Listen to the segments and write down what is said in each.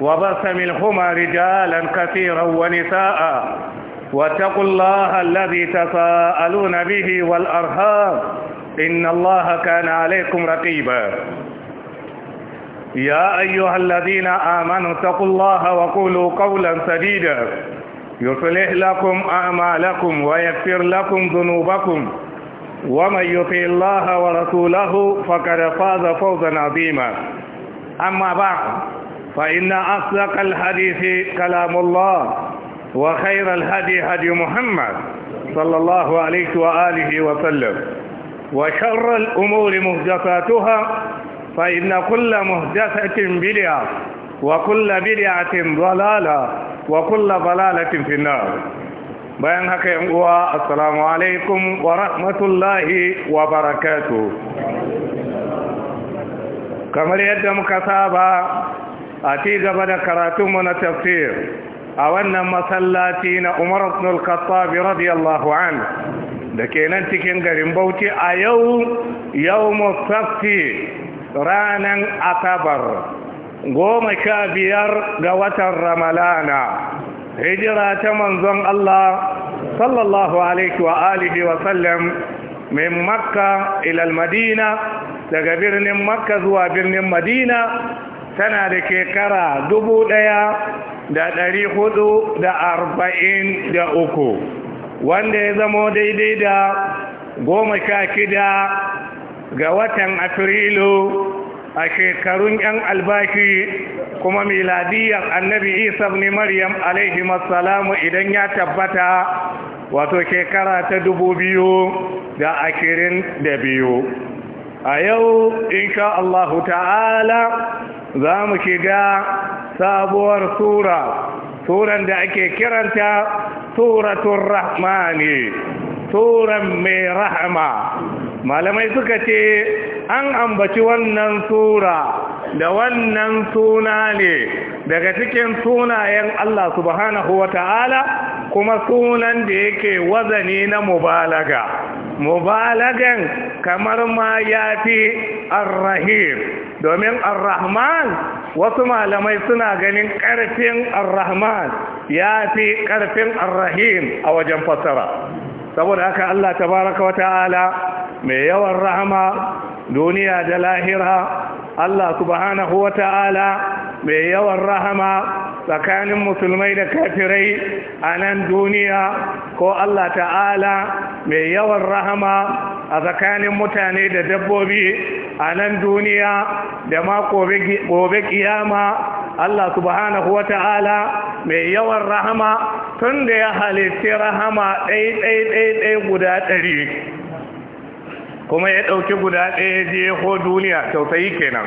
وبث منهما رجالا كثيرا ونساء واتقوا الله الذي تساءلون به والأرهاب إن الله كان عليكم رقيبا يا أيها الذين آمنوا اتقوا الله وقولوا قولا سديدا يصلح لكم أعمالكم ويغفر لكم ذنوبكم ومن يطع الله ورسوله فقد فاز فوزا عظيما أما بعد فإن أصدق الحديث كلام الله وخير الهدي هدي محمد صلى الله عليه وآله وسلم وشر الأمور مهدفاتها فإن كل مهدفة بدعة وكل بدعة ضلالة وكل ضلالة في النار بيان حقا السلام عليكم ورحمة الله وبركاته كما يدام كسابا a ci gaba da karatunmu na tafsir a wannan masallaci na umar abdul khattabi radiyallahu an da ke cikin garin bauchi a yau yau musafti ranar asabar goma sha biyar ga watan ramalana hijira ta manzon Allah sallallahu alaihi wa alihi wa sallam min makka ilal madina daga birnin makka zuwa birnin madina tana da shekara dubu ɗaya da ɗari hudu da arba'in da uku wanda ya zamo daidai da goma sha shida ga watan afrilu a shekarun yan albashi kuma miladiyar annabi isa ne maryam alaihi masalamu idan ya tabbata wato shekara ta dubu biyu da ashirin da biyu a yau insha Allahu ta'ala za mu shiga sabuwar sura turan da ake kiranta turatun ne, turan mai rahama malamai suka ce an ambaci wannan tura da wannan suna ne daga cikin sunayen Allah subhanahu wa ta'ala kuma sunan da yake wazani na mubalaga mubalagan kamar ma ya fi arrahim domin arrahman wasu malamai suna ganin ƙarfin arrahman ya fi ƙarfin arrahim a wajen fassara saboda haka Allah tabaraka wa ta'ala mai yawan rahama duniya da lahira Allah subhanahu wa ta'ala mai yawan rahama tsakanin musulmai da kafirai a nan duniya ko Allah ta'ala mai yawan rahama a tsakanin mutane da dabbobi a nan duniya da ma gobe kiyama Allah subhanahu wa ta'ala mai yawan rahama tun da ya halitti rahama ɗai-ɗai-ɗai guda ɗari kuma ya ɗauki guda ɗaya je ko duniya tausayi kenan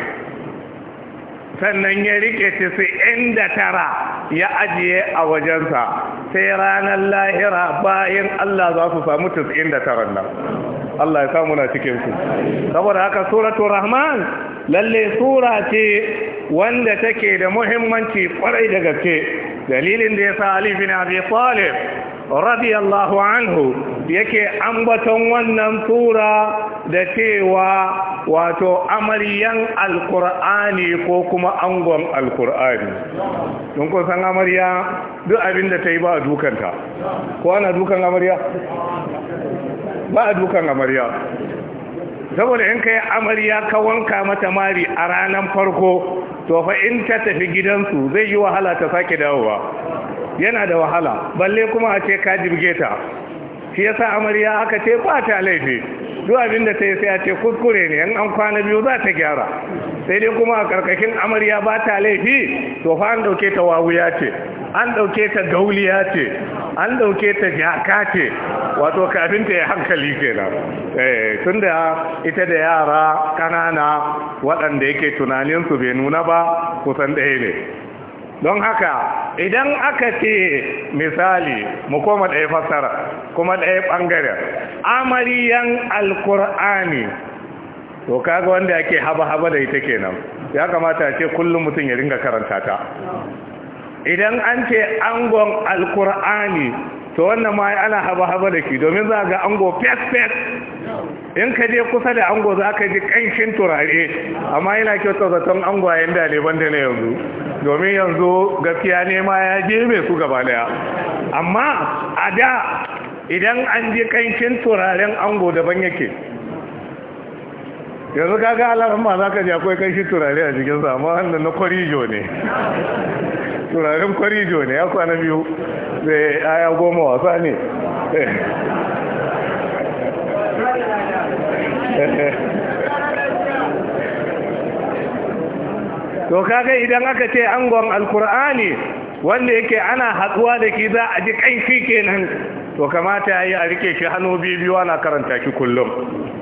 sannan ya rike tisa'in inda tara ya ajiye a wajensa sai ranar lahira bayan Allah za su samu tisa'in inda tara nan Allah ya samu na cikinsu saboda haka suratu rahman lalle sura ce wanda take da muhimmanci kwarai da gaske dalilin da ya sa Ali bin Abi Talib radiyallahu anhu yake ambaton wannan tura da cewa wato amaryan alkur'ani ko kuma angon alkur'ani don san amarya duk abin da ta yi ba a dukanta ko ana dukan amarya ba a dukan amarya saboda in ka yi amarya ka wanka mata mari a ranar farko to fa in ta tafi gidansu zai yi wahala ta sake dawowa yana da wahala balle kuma a ce ka jirge ta shi sa amarya aka ce ba ta laifi duk abin da ta yi sai ce kuskure ne in an kwana biyu za ta gyara sai dai kuma a karkashin amarya ba ta laifi to fa an dauke ta wawuya ce an dauke ta gauliya ce an dauke ta jaka ce wato kafin ta yi hankali kenan eh tunda ita da yara kanana waɗanda yake tunanin su bai nuna ba kusan ɗaya ne don haka idan aka ce misali mu koma ɗaya fassara kuma ɗaya ɓangaren amariyan alkur'ani to kaga wanda yake haba-haba da ita kenan ya kamata ce kullum mutum ya ringa karanta ta idan an ce angon alkur'ani to wannan ma ana haba-haba da shi domin za ga ango fes-fes in ka je kusa da ango za ka ji kanshin turare amma yana kyauta zaton angwayen daliban da na yanzu domin yanzu gaskiya ne ma ya je mai su gaba daya amma a da idan an ji kanshin turaren ango daban yake yanzu ka kaga ma za ka ji akwai kanshin turare a jikinsa amma wanda na kwarijo ne turaren kwarijo ne ya kwana biyu zai eh, ya goma wasa ne eh. to kaga idan aka ce angon alkur'ani wanda yake ana haɗuwa da ki za a ji ƙanshi kenan to kamata ya yi a rike shi hannu biyu ana karanta shi kullum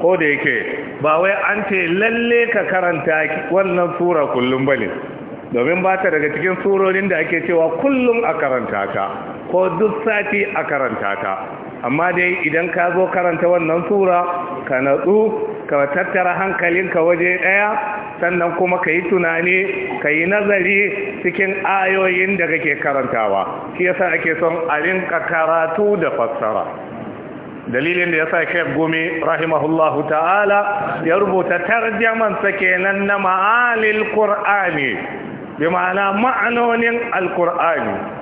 ko da yake ba wai an ce lalle ka karanta wannan sura kullum ba ne domin ba ta daga cikin surorin da ake cewa kullum a karanta ta ko duk sati a karanta ta amma dai idan ka zo karanta wannan sura ka natsu ka tattara hankalinka waje ɗaya sannan kuma ka yi tunani ka yi nazari cikin ayoyin da kake karantawa shi yasa ake son a rinka karatu da fassara dalilin da yasa sa shek gumi rahimahullahu ta'ala ya rubuta tarjamansa kenan na ma'alil qur'ani bi ma'ana ma'anonin alqur'ani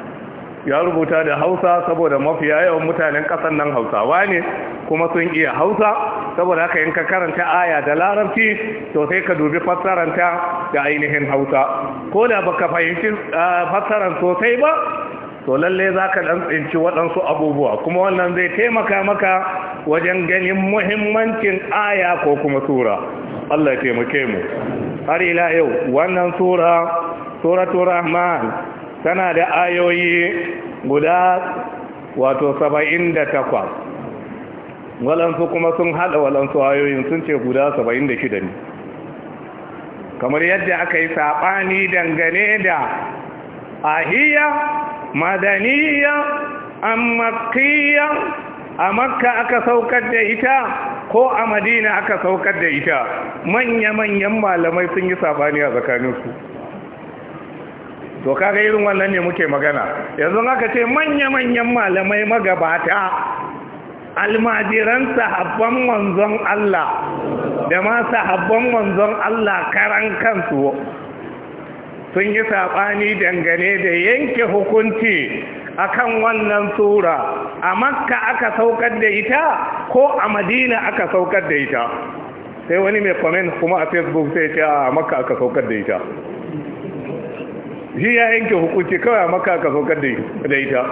ya rubuta da hausa saboda mafiya yawan mutanen ƙasar nan hausawa ne kuma sun iya hausa saboda haka in ka karanta aya da larabci to sai ka dubi fassaranta da ainihin hausa ko da baka fahimci ah, fassaran sosai ba to lalle za ka tsinci waɗansu abubuwa kuma wannan zai taimaka maka wajen ganin muhimmancin aya ko kuma sura Allah ya taimake mu har ila yau wannan sura suratul rahman tana da ayoyi guda wato saba'in da takwa, walansu kuma sun haɗa walansu ayoyin sun ce guda saba'in da shida ne kamar yadda aka yi saɓani dangane da ahiya madaniya ammakiya a makka aka saukar da ita ko a madina aka saukar da ita manya-manyan malamai sun yi saɓani a tsakaninsu to kaga irin wannan ne muke magana yanzu aka ce manya-manyan malamai magabata almajiran sahabban manzon Allah da ma sahabban manzon Allah karan kansu sun yi saɓani dangane da yanke hukunci akan wannan sura a makka aka saukar da ita ko a madina aka saukar da ita sai wani mai comment kuma a facebook sai ce a makka aka saukar da ita shi ya yanke hukunci kawai a maka ka saukar da ita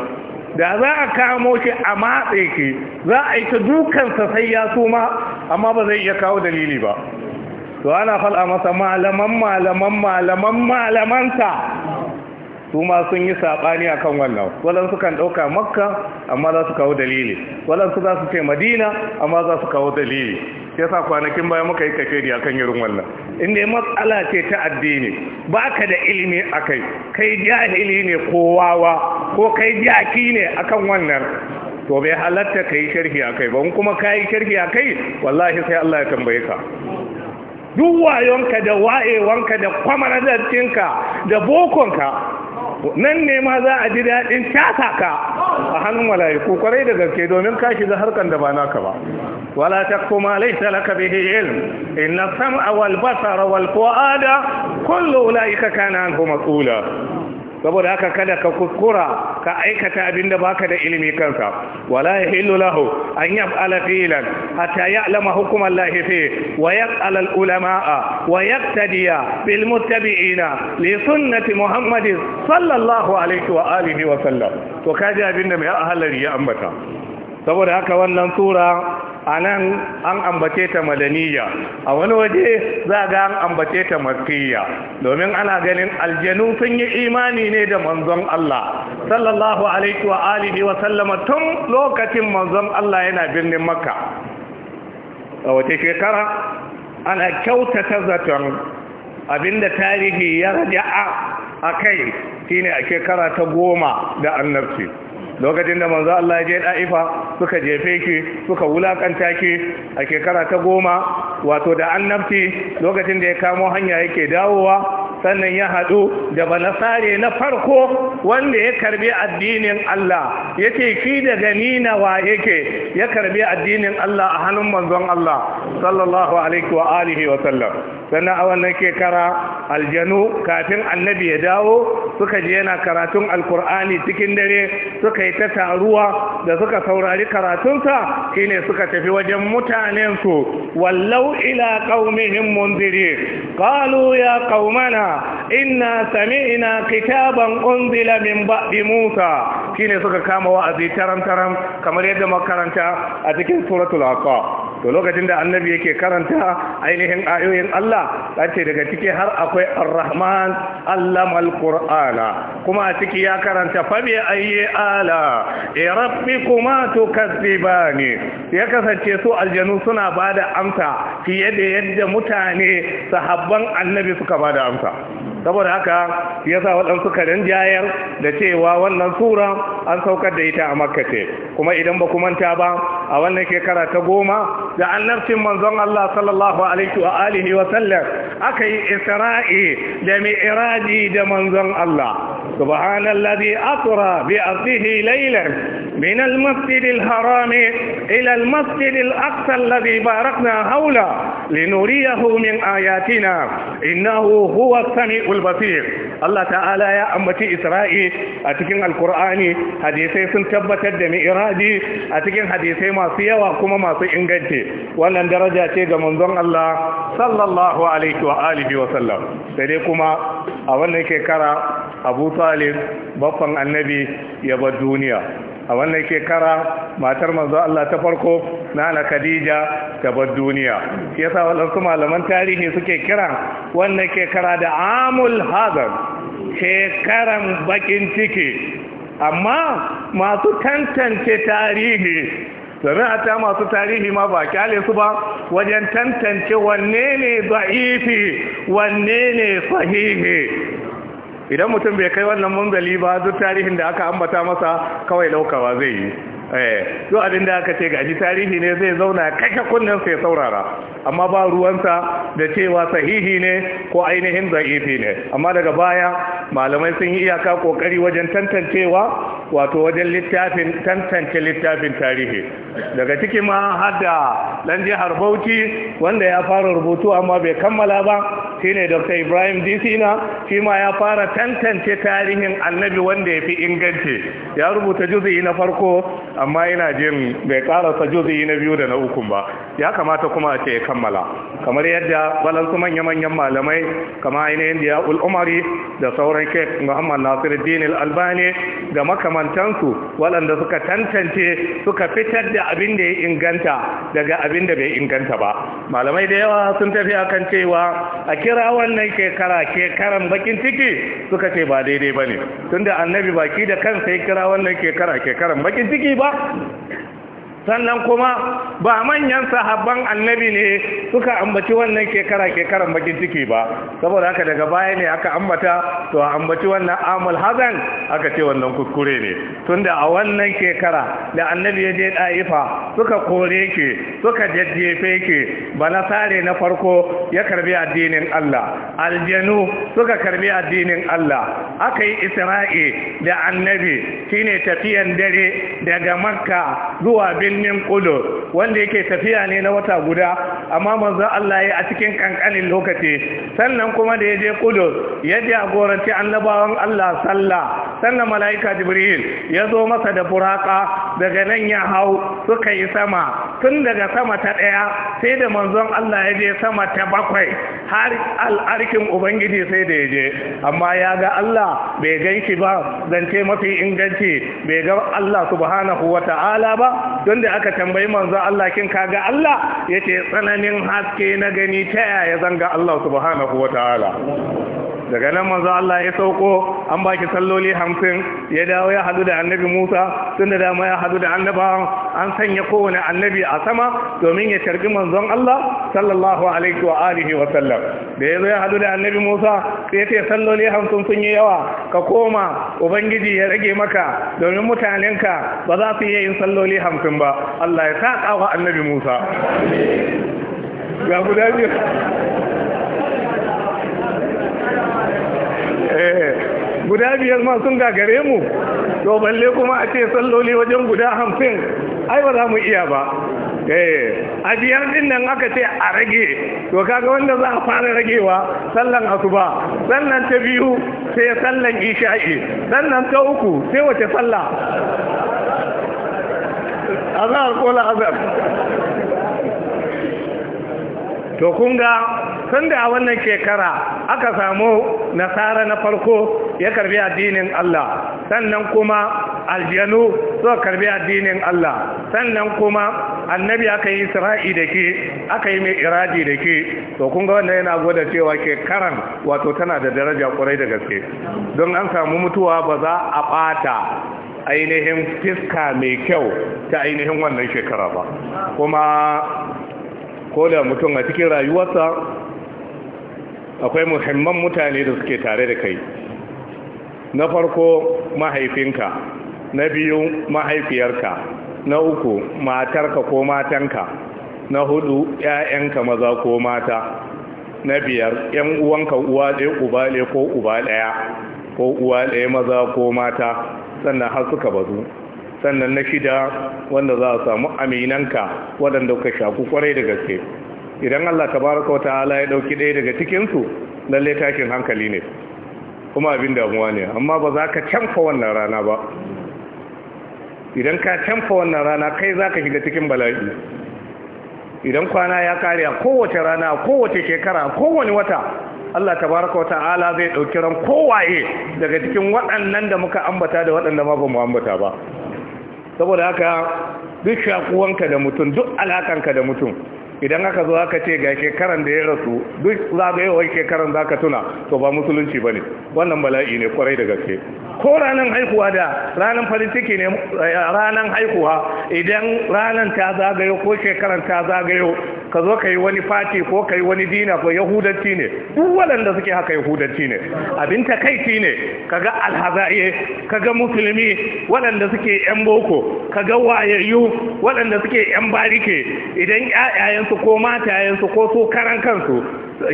da za a kamo shi a matse ki za a yi ta dukansa sai ya suma amma ba zai iya kawo dalili ba to ana fal'a masa malaman malaman malaman malamanta su ma sun yi saɓani a kan wannan waɗansu kan ɗauka makka amma za su kawo dalili waɗansu za su ce madina amma za su kawo dalili shi yasa kwanakin baya muka yi da kan irin wannan in dai matsala ce ta addini baka da ilimi akai kai jahili ne ko wawa ko kai jaki ne kan wannan to bai halatta yi sharhi akai ba kuma yi sharhi akai wallahi sai Allah ya tambaye ka duk wayonka da wayewanka da kwamarazarcinka da bokonka nan ne ma za a ji daɗin casa ka a hannun ko kwarai da gaske domin ka shiga harkar da ba naka ba ولا تقف ما ليس لك به علم إن السمع والبصر والفؤاد كل أولئك كان عنه مسؤولا saboda haka kada ka kuskura ka aikata abin da baka da ilimi kansa wala yahillu lahu an yaf'ala filan hatta ya'lama hukm Allah fi wa yas'al al ulama'a wa yaqtadiya bil muttabi'ina li sunnati Muhammad sallallahu alaihi wa alihi wa sallam to kaji abin da mai ahalari ya ambata saboda haka wannan sura a nan an ambace ta madaniya a wani waje za ga an ambace ta makiyya domin ana ganin aljanu sun yi imani ne da manzon Allah sallallahu alaihi wa alihi wa sallama tun lokacin manzon Allah yana birnin makka a wace shekara ana kyautata zaton abinda tarihi ya raja'a a kai shine a shekara ta goma da annabci lokacin da manzo Allah ya je da'ifa suka jefe ki suka wulakanta ki a shekara ta goma wato da annabci lokacin da ya kamo hanya yake dawowa sannan ya haɗu da banasare na farko wanda ya karbi addinin Allah ya ce shi daga nina wa yake ya karbi addinin Allah a hannun manzon Allah sallallahu alaihi wa alihi wa sallam sannan a wannan shekara aljanu kafin annabi ya dawo suka je yana karatun alkur'ani cikin dare suka suka ta taruwa da suka saurari karatunsa shine suka tafi wajen mutanensu wallau ila qaumihim munziri qalu ya qaumana inna sami'na kitaban unzila min ba'di musa shine suka kama wa'azi taram taram kamar yadda makaranta a cikin suratul haqa to lokacin da annabi yake karanta ainihin ayoyin Allah ce daga ciki har akwai ar-rahman allama qurana kuma a ciki ya karanta bi ayyi ala e rabbikuma tukazzibani ya kasance su aljanu suna bada amsa fiye da yadda mutane sahabban annabi suka bada amsa saboda haka yasa waɗansu karen jayar da cewa wannan sura an saukar da ita a makka kuma idan ba ku manta ba a wannan shekara ta goma da annabcin manzon Allah sallallahu alaihi wa alihi wa sallam aka yi isra'i da mi'raji da manzon Allah subhanallazi asra bi abdihi laylan min al-masjid al ila al-masjid alladhi barakna hawla linuriyahu min ayatina innahu huwa as-sami'ul basir Allah ta'ala ya ambaci Isra'i a cikin Alkur'ani hadisai sun tabbatar da mi'raji a cikin hadisai masu yawa kuma masu inganci wannan daraja ce ga manzon Allah sallallahu alaihi wa alihi wa sallam sai dai kuma a wannan shekara Abu Talib babban annabi ya bar duniya a wannan shekara matar manzo Allah ta farko nana Khadija ta bar duniya yasa wadansu malaman tarihi suke kiran wannan shekara da amul hazan shekaran bakin ciki amma masu tantance tarihi ta masu tarihi ma ba kyale su ba wajen tantance wanne ne ifi, wanne ne sahihi idan mutum bai kai wannan munzali ba duk tarihin da aka ambata masa kawai daukawa zai yi eh, duk abin da aka ce gaji tarihi ne zai zauna kashe kunnen sai saurara amma ba ruwansa da cewa sahihi ne ko ainihin za'ifi ne amma daga baya malamai sun yi iyaka kokari wajen tantancewa wato wajen littafin tantance littafin tarihi daga cikin ma har da dan jihar Bauchi wanda ya fara rubutu amma bai kammala ba ne dr ibrahim disina shi ma ya fara tantance tarihin annabi wanda ya fi inganci ya rubuta juzi na farko amma ina jin bai karasa juzi na biyu da na uku ba ya kamata kuma a ce ya kammala kamar yadda balansu manya-manyan malamai kama ainihin da ul umari da sauran ke muhammad nasir dinil albani da makamantansu waɗanda suka tantance suka fitar da abin da ya inganta daga abin da bai inganta ba malamai da yawa sun tafi akan cewa kira wannan shekara shekaran bakin ciki suka ce ba daidai ba ne tun da annabi baki da kansa ya kira wannan shekara shekaran bakin ciki ba sannan kuma ba manyan sahabban annabi ne suka ambaci wannan kekara kekaran bakin ciki ba saboda haka daga baya ne aka ambata to ambaci wannan amul hazan aka ce wannan kuskure ne tunda a wannan kekara da annabi ya je da'ifa suka kore ke suka jajjefe ke bana sare na farko ya karbi addinin Allah aljanu suka karbi addinin Allah aka yi isra'i da annabi shine tafiyan dare daga makka zuwa bin min qudur wanda yake tafiya ne na wata guda amma manzon Allah ya a cikin kankanin lokaci sannan kuma da yaje qudur ya jagoranci annabawan Allah sallah sannan malaika jibril ya zo masa da buraka daga nan ya hau suka yi sama tun daga sama ta ɗaya, sai da manzon Allah ya je sama ta bakwai har al'arkin ubangiji sai da ya je amma ya ga Allah bai ganki ba zance mafi inganci bai ga Allah subhanahu wata'ala ba don da aka tambayi manzon Allah kin kaga Allah yace tsananin haske na gani ta yaya zanga Allah subhanahu wataala daga nan manzo Allah ya sauko an baki salloli hamsin ya dawo ya hadu da annabi Musa tun da dama ya hadu da annabawan an sanya kowane annabi a sama domin ya karbi manzon Allah sallallahu alaihi wa alihi wa sallam da yazo ya hadu da annabi Musa sai ya salloli hamsin sun yi yawa ka koma ubangiji ya rage maka domin mutanenka ba za su iya yin salloli hamsin ba Allah ya sa wa annabi Musa ga guda biyu Eh, guda biyar ma sun gagare mu to balle kuma a ce salloli wajen guda hamsin ai ba za mu iya ba eh, a biyar din nan aka ce a rage to kaga wanda za a fara ragewa sallan asuba sannan ta biyu sai sallan isha'i sannan ta uku sai wace sallah azhar ko azar. to kun tun da a wannan shekara aka samu nasara na farko ya karbi addinin Allah sannan kuma aljanu suka karbi addinin Allah sannan kuma annabi aka yi isra'i da ke aka yi mai iradi da ke to kun ga wannan yana gwada cewa shekaran wato tana da daraja kwarai da gaske don an samu mutuwa ba za a bata ainihin fiska mai kyau ta ainihin wannan shekara ba kuma ko da mutum a cikin rayuwarsa akwai muhimman mutane da suke tare da kai na farko mahaifinka na biyu mahaifiyarka na uku matarka ko matanka na hudu 'ya'yanka maza ko mata na biyar 'yan uwanka uwa ɗaya uba ɗaya ko uba ɗaya ko uwa ɗaya maza ko mata sannan har suka bazu sannan na shida wanda za a samu aminanka waɗanda ka shaku kwarai da gaske idan Allah ta baraka wata ala ya ɗauki ɗaya daga cikinsu. Lallai lalle tashin hankali ne kuma abin damuwa ne amma ba za ka canfa wannan rana ba idan ka canfa wannan rana kai za ka shiga cikin bala'i idan kwana ya kare a kowace rana a kowace shekara a kowane wata Allah ta baraka wata ala zai ɗauki ran kowaye daga cikin waɗannan da muka ambata da waɗanda ma ba mu ambata ba saboda haka duk shakuwanka da mutum duk alakanka da mutum idan aka zo aka ce ga shekaran da ya rasu duk zagayowar shekaran za ka tuna to ba musulunci ba ne wannan bala'i ne kwarai da gaske ko ranar haihuwa da ranar farin ciki ne ranar haihuwa idan ranar ta zagayo ko shekaran ta zagayo ka zo ka yi wani fati ko ka yi wani dina ko yahudanci ne duk waɗanda suke haka yahudanci ne abin ta takaici ne Ka ga kaga ka ga musulmi waɗanda suke yan boko ka ga wayayyu waɗanda suke yan barike idan ƴaƴayen ‘ya'yansu ko matayensu ko su karan kansu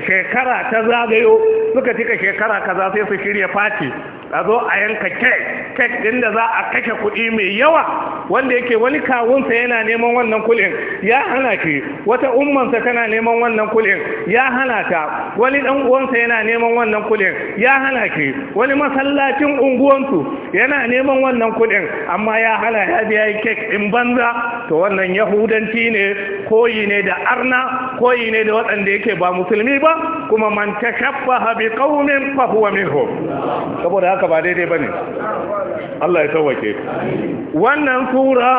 shekara ta zagayo suka cika shekara kaza sai su shirya fati a zo a yanka kek din ɗin da za a kashe kuɗi mai yawa wanda yake wani kawunsa yana neman wannan kulin ya hana ki wata ummansa tana neman wannan kulin ya hana ta wani ɗan uwansa yana neman wannan kulin ya hana ki wani masallacin unguwansu yana neman wannan kulin amma ya hana ya biya yi kek ɗin banza to wannan yahudanci ne koyi ne da arna koyi ne da waɗanda yake ba musulmi ba kuma man tashabbaha bi qaumin fa huwa minhum saboda haka haka ba daidai ba ne Allah ya tawake wannan sura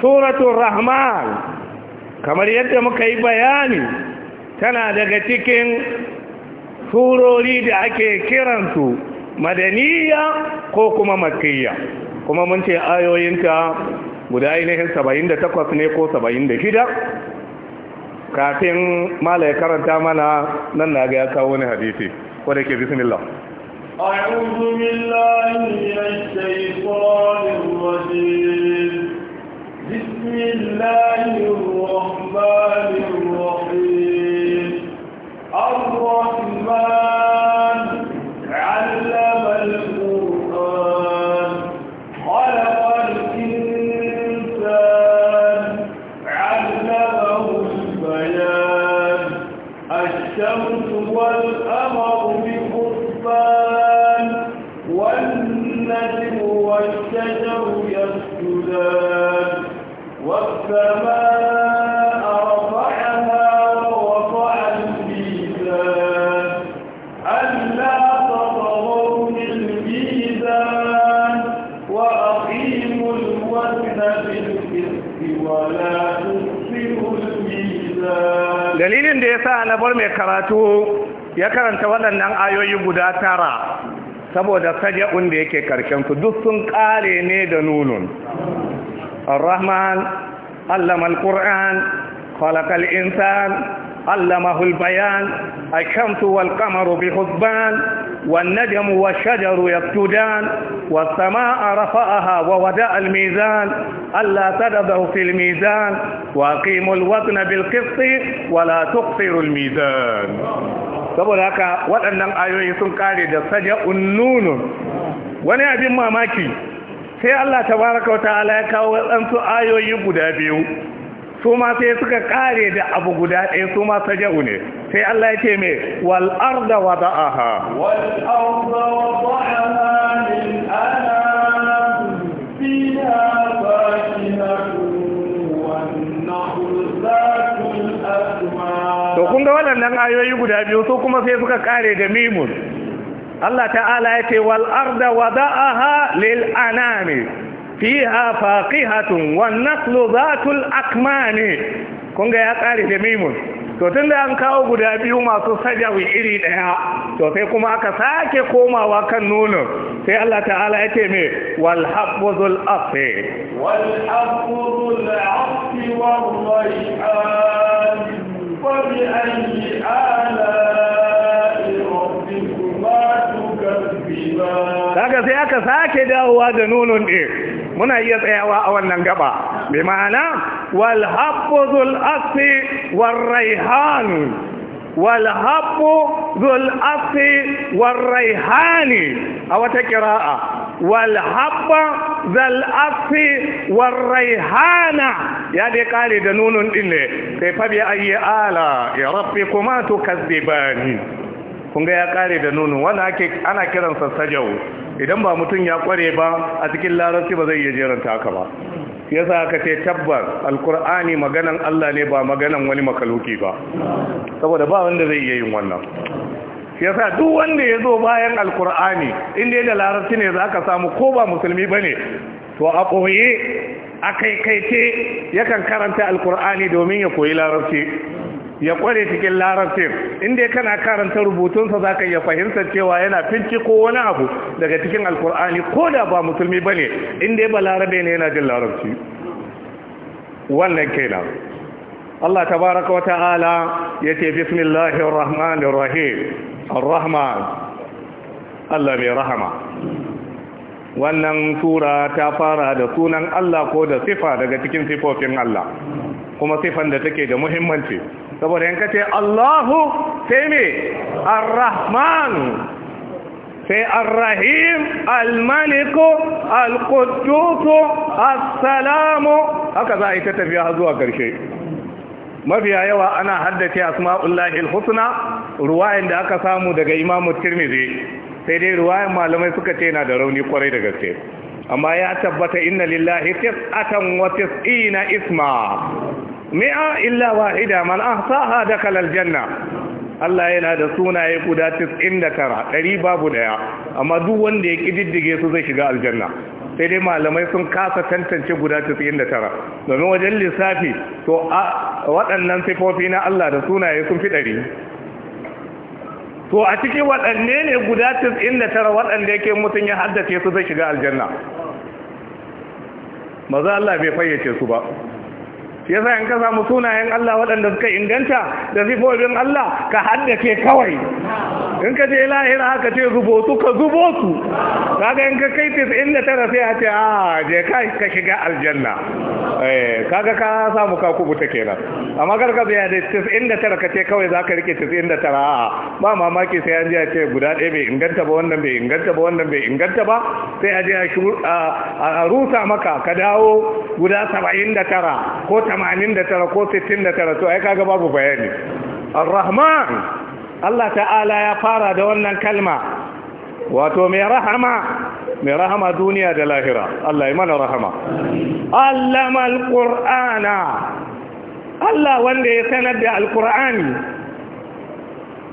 suratul rahman kamar yadda muka yi bayani tana daga cikin surori da ake kiransu madaniya ko kuma makiyya kuma mun ce ayoyinta guda ainihin 78 ne ko 76 kafin mala ya karanta mana nan na ga ya kawo ni hadisi wadda ke bismillah أعوذ بالله من الشيطان الرجيم بسم الله الرحمن الرحيم الرحمن علم القرآن خلق الإنسان علمه البيان الشمس والقمر ɗalibar mai karatu ya karanta waɗannan ayoyi guda tara saboda saja'un da yake karshensu duk sun ƙare ne da nunun rahman allama al-qur'an khalaqal insan allama hulbayan bayan ash wal kamaru bi والنجم والشجر يكتدان والسماء رفعها وودع الميزان ألا تدبه في الميزان وأقيموا الوزن بالقسط ولا تقصروا الميزان saboda haka waɗannan ayoyi sun kare da saja unnunun wani abin mamaki sai Allah tabaraka wa ta'ala ya kawo waɗansu ayoyi guda biyu su ma sai suka kare da abu guda ɗaya su ma saja'u ne sai Allah ya ce me wal arda wada'aha wal arda wada'aha lil anam fiha to kun ga waɗannan ayoyi guda biyu su kuma sai suka kare da mimun Allah ta'ala ya ce wal arda wada'aha lil anami فيها فاقهة والنخل ذات الأكمان ya يا قاري دميمون to tun da an kawo guda biyu masu sajawi iri ɗaya to sai kuma aka sake komawa kan nunin sai Allah ta'ala ya ce me wal haqqul afi wal haqqul afi wal rayhan fa bi ayyi ala'i rabbikuma tukazziban kaga sai aka sake dawowa da nunun ɗin muna iya tsayawa a wannan gaba bi ma'ana wal habbul asfi war raihan wal habbul asfi a wata qira'a wal habba zal asfi war ya dai kare da nunun din ne sai fa bi ayi ala ya to tukazzibani kun ga ya kare da nunun wanda ake ana kiransa sajau idan ba mutum ya kware ba a cikin larabci ba zai iya jeranta haka ba sa aka ce tabbar alkur'ani maganan Allah ne ba maganan wani makaluki ba saboda ba wanda zai iya yin wannan Ya sa duk wanda ya zo bayan alkur'ani inda da larabci ne za ka samu ko ba musulmi ba ne to a ɓoye a kaikaice yakan karanta alkur'ani domin ya koyi larabci ya kware cikin larabcin inda kana karanta rubutunsa za ka iya fahimtar cewa yana ko wani abu daga cikin alkur'ani ko da ba musulmi ba ne inda ya ba larabe ne yana jin larabci wannan kenan Allah tabaraka wa ta'ala ya ce bismillahir rahmanir rahim ar-rahman Allah mai rahama wannan sura ta fara da sunan Allah ko da sifa daga cikin sifofin Allah kuma sifan da take da muhimmanci saboda yanka ce Allahu sai mai Ar-Rahman sai Ar-Rahim Al-Malik Al-Quddus As-Salam haka za a yi tafiya zuwa ƙarshe mafiya yawa ana haddace asma'ullahi al-husna ruwayan da aka samu daga Imam Tirmidhi sai dai ruwayan malamai suka ce yana da rauni kwarai da gaske amma ya tabbata inna lillahi tis'atan wa tis'ina isma mi'a illa wahida man ahsaha dakhala aljanna Allah yana da sunaye guda 99 ɗari babu daya amma duk wanda ya kididdige su zai shiga aljanna sai dai malamai sun kasa tantance guda 99 domin wajen lissafi to a waɗannan sifofi na Allah da sunaye sun fi ɗari to a ciki waɗanne ne guda 99 waɗanda yake mutum ya haddace su zai shiga aljanna maza Allah bai fayyace su ba yasa in ka samu sunayen Allah waɗanda suka inganta da sifofin Allah ka haddace kawai in ka je lahira haka ce zubo su ka zubo su kaga in ka kai tara sai a ce ah je kai ka shiga aljanna eh kaga ka samu ka kubuta kenan amma kar ka biya da tara ka ce kawai za ka rike tara a ba mamaki sai an ji a ce guda ɗaya bai inganta ba wannan bai inganta ba wannan bai inganta ba sai a je a rusa maka ka dawo guda 79 ko 89 ko 69 to ai kaga babu bayani ar-rahman Allah ta'ala ya fara da wannan kalma wato mai rahama mai rahama duniya da lahira Allah ya mana rahama allama al-qur'ana Allah wanda ya sanar da al-qur'ani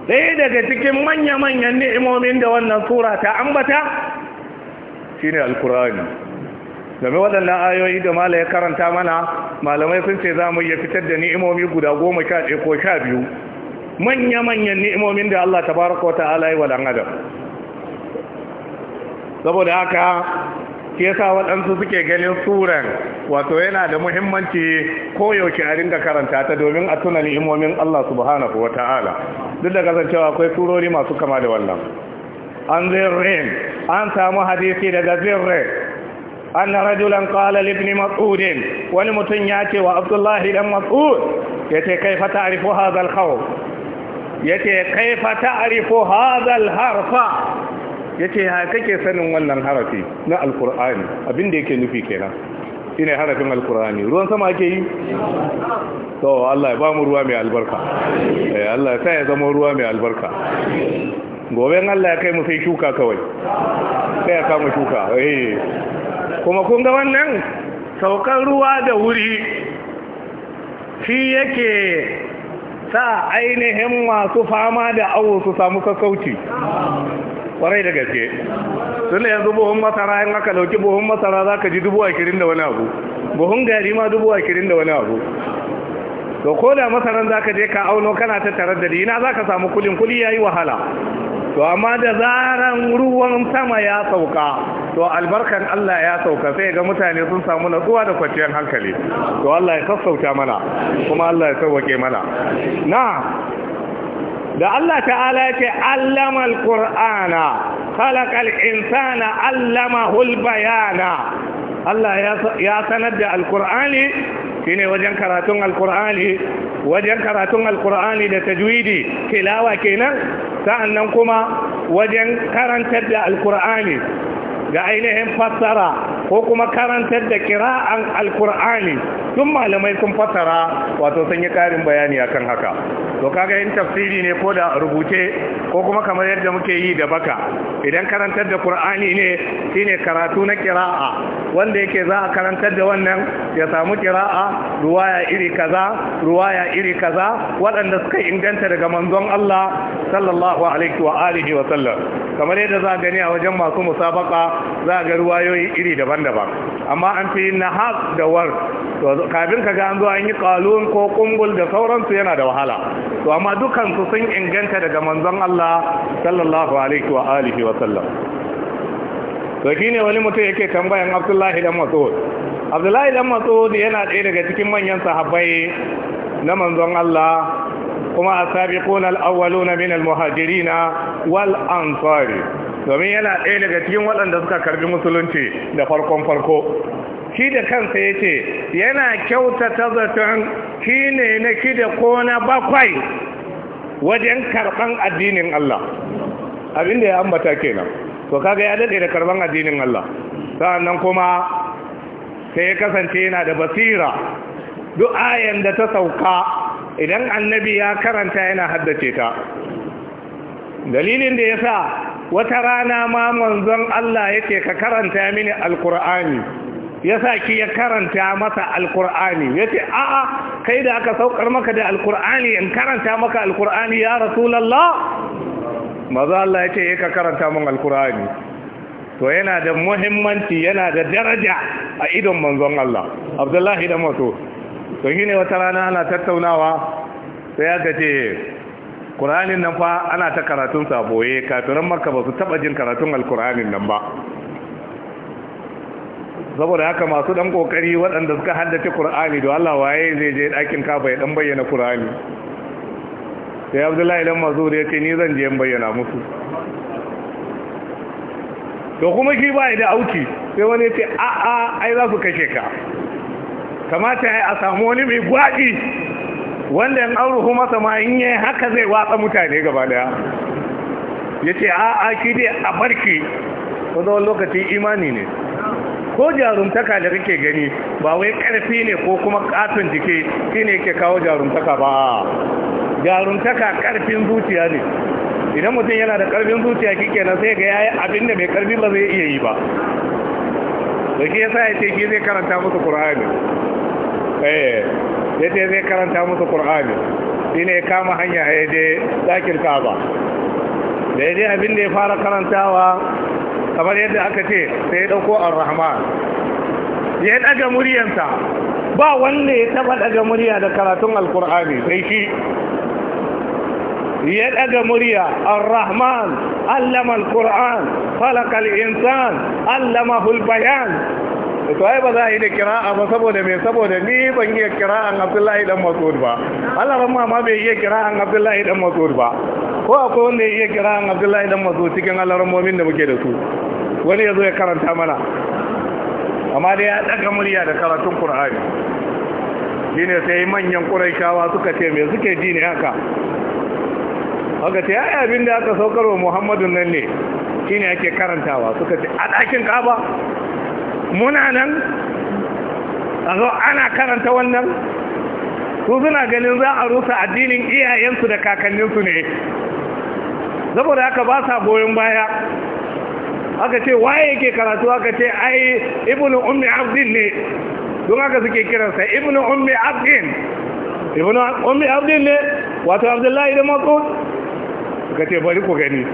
ɗaya daga cikin manya-manyan ni'imomin da wannan sura ta ambata shine al-qur'ani game waɗannan ayoyi da mala ya karanta mana malamai sun ce za mu iya fitar da ni'imomi guda goma sha ɗaya ko sha biyu manya-manyan ni'imomin da Allah ta baraka wa ta'ala yi wa ɗan saboda haka ke sa waɗansu suke ganin suran wato yana da muhimmanci koyaushe a ringa karanta ta domin a tuna ni'imomin Allah subhanahu wa ta'ala duk da kasancewa akwai surori masu kama da wannan an zirrin an samu hadisi daga zirrin أن رجلا قال لابن مسعود ولمتن ياتي وعبد الله بن مسعود يتي كيف تعرف هذا الخوف يتي كيف تعرف هذا الحرف يتي kake sanin wannan harafi na Alkur'ani? أبين ديكي نفي nufi kenan? ne harafin alkurani ruwan sama ake yi to Allah ya bamu ruwa mai albarka Eh Allah ya sa ya zama ruwa mai albarka gobe Allah ya kai mu sai shuka kawai sai ya kama shuka eh kuma kun ga wannan saukar ruwa da wuri shi yake sa ainihin masu fama da awo su samu sassauci kwarai da gaske tunda yanzu buhun masara in aka dauki buhun masara za ka ji dubu ashirin da wani abu buhun gari ma dubu ashirin da wani abu to ko da masaran za ka je ka auno kana ta tarar da ina za ka samu kulin kuli ya yi wahala to amma da zaran ruwan sama ya sauka to albarkan Allah ya sauka sai ga mutane sun samu natsuwa da kwanciyar hankali to Allah ya sassauta mana kuma Allah ya sauke mana na da Allah ta'ala yake allama alqur'ana khalaqa insana allama hulbayana. bayana Allah ya sanar da alkur'ani shine wajen karatun alkur'ani wajen karatun alkur'ani da tajwidi Kilawa kenan sa'annan kuma wajen karantar da alkur'ani da ainihin fassara ko kuma karantar da kira'an alkur'ani tun malamai sun fasara wato sun yi karin bayani a kan haka to kaga yin tafsiri ne ko da rubuce ko kuma kamar yadda muke yi da baka idan karantar da Kur'ani ne shine karatu na kira'a wanda yake za a karantar da wannan ya samu kira'a ruwaya iri kaza ruwaya iri kaza waɗanda suka inganta daga manzon Allah sallallahu alaihi wa alihi wa sallam kamar yadda za a gani a wajen masu musabaka za a ga ruwayoyi iri daban daban-daban amma an fi nahas da war to kafin ka ga an zo an yi qalun ko kumbul da sauransu yana da wahala to amma dukan su sun inganta daga manzon Allah sallallahu alaihi wa alihi wa sallam to kine wani mutum yake tambayan Abdullahi dan Mas'ud Abdullahi dan Mas'ud yana ɗaya daga cikin manyan sahabbai na manzon Allah kuma asabiquna al-awwaluna min al na wal ansar domin yana ɗaya daga cikin waɗanda suka karbi musulunci da farkon farko shi da kansa ya ce yana kyautata zaton shi ne na kida ko na bakwai wajen karɓan addinin Allah abinda ya ambata kenan to kaga ya dade da karban addinin Allah sannan kuma sai ya kasance yana da basira duk ayan da ta sauka idan annabi ya karanta yana haddace ta dalilin da ya sa wata rana ma manzon Allah yake ka karanta mini alkur'ani ya sa ki ya karanta masa alkur'ani ya ce a'a kai da aka saukar maka da alkur'ani in karanta maka alkur'ani ya rasulallah maza Allah ya ce ya eh, ka karanta min alkur'ani to yana da muhimmanci yana da daraja a idon manzon Allah abdullahi da maso to shi ne wata rana ana tattaunawa sai ya gaje ƙuranin nan fa ana ta karatun saboye kafiran maka ba su taɓa jin karatun alƙuranin nan ba saboda haka masu ɗan kokari waɗanda suka haddace ƙur'ani da Allah waye zai je ɗakin kafa ya ɗan bayyana ƙur'ani sai abdullahi dan mazu da ya ce ni zan je in bayyana musu to kuma shi ba da auki sai wani ya ce a'a ai za su kashe ka kamata ya yi a samu wani mai gwaɗi wanda ya auruhu masa ma in yi haka zai watsa mutane gaba daya ya ce a a ki dai a barki wani lokaci imani ne ko jarumtaka da kake gani ba wai ƙarfi ne ko kuma ƙaton jike shi ne ke kawo jarumtaka ba jarumtaka ƙarfin zuciya ne idan mutum yana da ƙarfin zuciya kike na sai ga yayi abin da mai karfi ba zai iya yi ba da ke yasa ya ce ki zai karanta musu Qur'ani eh ya zai karanta musu Kur'ani. shine ya kama hanya a je dakin kaba Daidai abin da ya fara karantawa kamar yadda aka ce sai ya ɗauko ar-rahman ya daga muryansa ba wanda ya taɓa ɗaga murya da karatun alkur'ani sai shi ya ɗaga murya ar-rahman allama al-qur'an khalaqa insan allamahu bayan to ai ba za a yi da kira'a ba saboda me saboda ni ban iya kira'an abdullahi dan mas'ud ba Allah ramma ma bai iya kira'an abdullahi dan mas'ud ba ko akwai wanda ya iya kira'an abdullahi dan mas'ud cikin alarammomin da muke da su wani ya zo ya karanta mana amma dai ya daga murya da karatun qur'ani shine sai manyan quraishawa suka ce me suke ji ne haka haka ta yaya abin da aka saukarwa muhammadun nan ne shine ake karantawa suka ce a ɗakin kaba muna nan a zo ana karanta wannan su suna ganin za a rusa addinin iyayensu da kakanninsu ne saboda haka ba sa goyon baya aka ce waye yake karatu aka ce ai ibnu ummi abdin ne don haka suke kiransa ibnu ummi abdin ibnu ummi abdin ne wato abdullahi da masu suka ce bari ku gani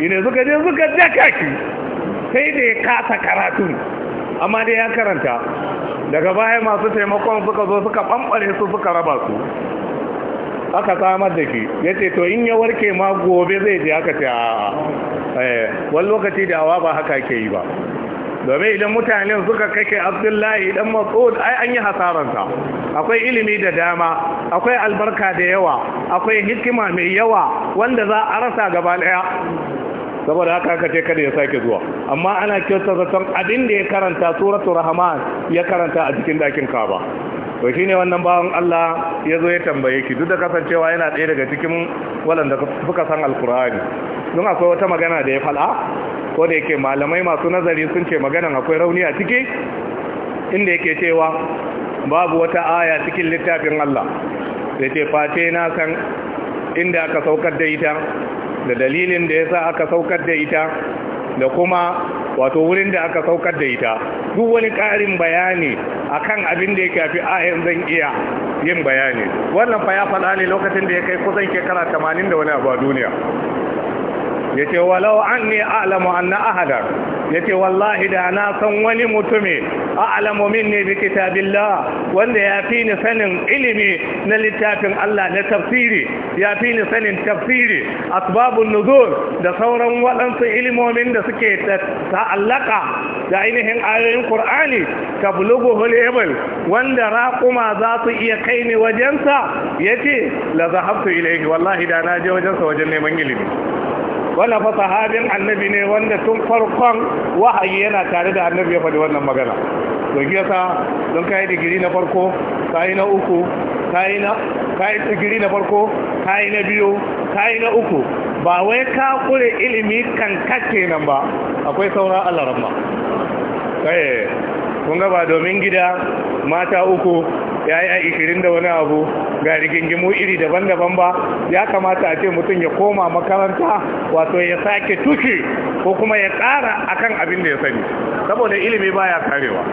ine suka je suka daka ki sai da ya kasa karatun amma dai ya karanta daga baya masu taimakon suka zo suka bambare su suka raba su aka samar da ke. ya ce to in ya warke ma gobe zai je aka ce a eh, wani lokaci da awa ba haka ke yi ba domin idan mutanen suka kake abdullahi idan matsod ai an yi hasaranta akwai ilimi da dama akwai albarka da yawa akwai hikima mai yawa wanda za a rasa gaba daya saboda haka aka ce kada ya sake zuwa amma ana kyauta zaton abin da ya karanta suratul rahman ya karanta a cikin dakin kaba to shine wannan bawan Allah ya zo ya tambaye ki duk da kasancewa yana ɗaya daga cikin walanda suka san alkur'ani don akwai wata magana da ya faɗa ko da yake malamai masu nazari sun ce maganan akwai rauni a ciki inda yake cewa babu wata aya cikin littafin Allah da ce na san inda aka saukar da ita da dalilin da yasa aka saukar da ita da kuma wato wurin da aka saukar da ita duk wani ƙarin bayani akan abin da ya kafi ayan zan iya yin bayani wannan fa ya faɗa ne lokacin da ya kai kusan shekara tamanin da wani abu a duniya ya ce walau an ne alamu an na ahadar ya ce wallahi da na san wani mutumi a alamomin ne bi kitabillah wanda ya fi ni sanin ilimi na littafin Allah na tafsiri ya fi ni sanin tafsiri asbabun nuzul da sauran waɗansu ilimomin da suke ta'allaka da ainihin ayoyin Qur'ani ka bulugu hulebul wanda raƙuma za su iya kai ni wajensa ya ce la zahabtu ilaihi wallahi da na je wajensa wajen neman ilimi wannan fa sahabin annabi ne wanda tun farkon wahayi yana tare da annabi ya faɗi wannan magana to yasa don kai digiri na farko kai na uku kai na kai digiri na farko kai na biyu kai na uku ba wai ka kure ilimi kan kake nan ba akwai sauran Allah ramma kai eh, kun ga ba domin gida mata uku Ya a ishirin da wani abu ga rigingimu iri daban-daban ba ya kamata a ce mutum ya koma makaranta wato ya sake tushe ko kuma ya ƙara akan abin da ya sani saboda ilimi baya karewa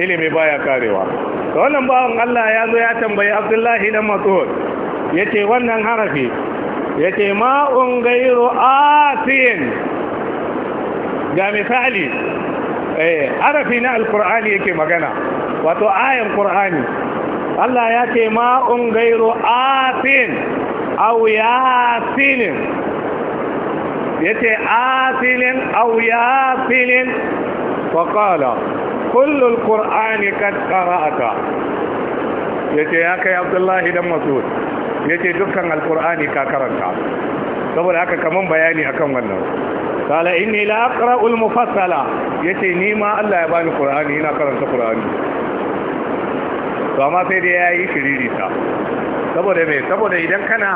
ilimi baya karewa da wannan bawan Allah ya zo ya tambayi Abdullahi dan ya yace wannan harafi yace ma'un gairu asin ga misali eh harafi na alqur'ani yake magana wato ayin qur'ani Allah ya ce ma'un gairu asin aw ya ce asilin aw yasilin fa kullum kullu alqur'ani ƙara'ata ya ce ya kai Abdullahi don dan ya ce dukkan alqur'ani ka karanta saboda haka kaman bayani akan wannan قال إني ya ce ni ma Allah ya bani قرآني هنا karanta قرآني to amma sai dai ya yi ta saboda mai saboda idan kana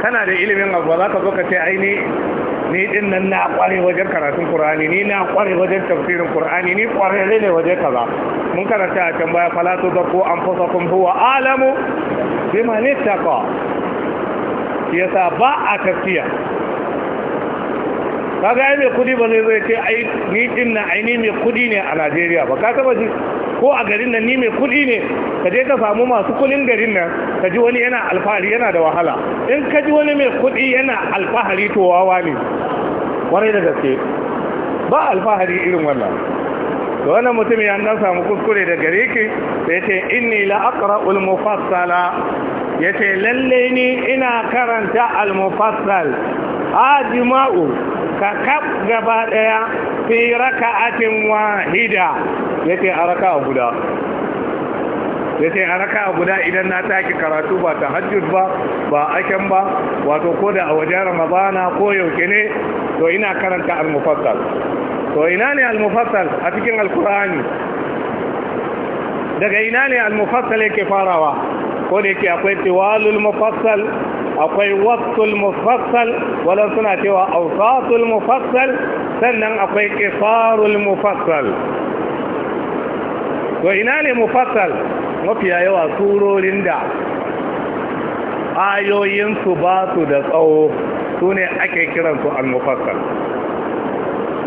kana da ilimin abu za ka zo ka ce ai ni ni din nan na kware wajen karatun qur'ani ni na kware wajen tafsirin qur'ani ni kware ne wajen kaza mun karanta a can baya fala an fasa kun huwa alamu bima Ya yasa ba a tafiya kaga ai mai kudi ba zai zai ce ai ni din nan ai ni mai kudi ne a Najeriya ba ka taba ji ko a garin nan ni mai kuɗi ne ka je ka samu masu kuɗin garin nan ka ji wani yana alfahari yana da wahala in ka ji wani mai kuɗi yana alfahari to wawa ne Wani da gaske ba alfahari irin wannan to wannan mutum ya nan samu kuskure da gare ki da yace inni la aqra'ul mufassala ce lalle ni ina karanta al mufassal ajma'u ka kaf gaba daya fi raka'atin wahida ya ce a a guda ya ce a a guda idan na taki karatu ba ta hajjus ba ba aiken ba wato ko da a wajen ramadana ko yauke ne to ina karanta al-mufassal to ina ne al-mufassal a cikin al-qur'ani daga ina ne al-mufassal yake farawa ko da yake akwai tiwalul mufassal akwai wasul mufassal wala suna cewa awsatul mufassal sannan akwai qisarul mufassal to ina ne mufassal mafiya yawa surorin da ayoyinsu ba su da tsawo su ne ake kiransu al-mufassal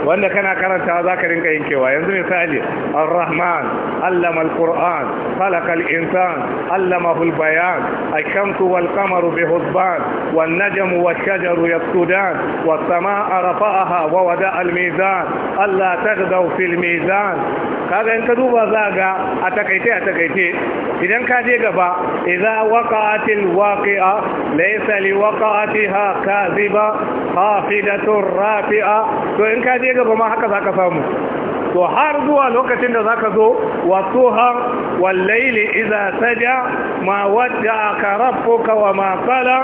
wanda kana karanta za ka rinka yankewa yanzu misali ar-rahman allama al-qur'an khalaqa al-insan allamahu al-bayan ash-shamsu wal-qamaru bi husban wan-najmu wash-shajaru yasjudan was-samaa rafa'aha wa wada'a al-mizan alla taghdaw fil mizan kaga in ka duba za ga a takaice a takaice idan ka je gaba idza waqa'atil waqi'a laysa li waqa'atiha kadhiba khafidatur rafi'a to in ka je je gaba ma haka zaka samu to har zuwa lokacin da zaka zo wa tuha wal layli idza saja ma wadda'aka rabbuka wa ma qala